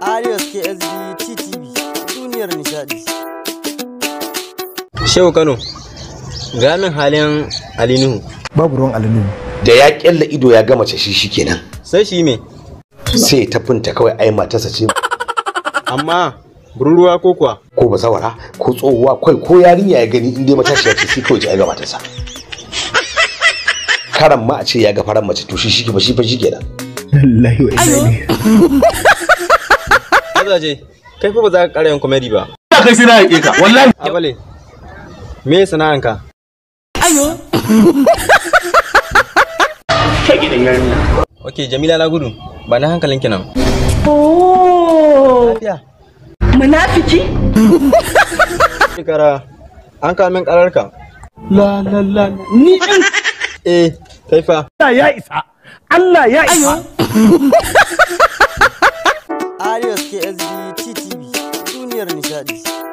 Arius KSB TTV duniyar nishadi. Shehu Kano, gamin halin Alinuhu. Babu ruwan Alinuhu. Da ya ƙyalla ido ya gama shi shi kenan. Sai shi me? Sai ta funta kawai ai matarsa ce. Amma bururuwa ko kuwa? Ko bazawara ko tsohuwa kai ko yarinya ya gani inda matashiya ce sai kawai ji ai ga matarsa. Karan ma a ce ya ga faran mace to shi shi ba shi fa shi kenan. Lallahi wa Gardaje, kai fa ba za ka kare yin comedy ba. Ina kai sai na haƙe ka, wallahi. Abale, me sana'anka? Ayo. Kai gidan Ok, Jamila na gudu, ba na hankalin kinan. Oh. Lafiya. Munafiki? Shekara, an min karar ka. La la la, ni Eh, kai fa. Allah ya isa. Allah ya isa. TV duniyar nishadi.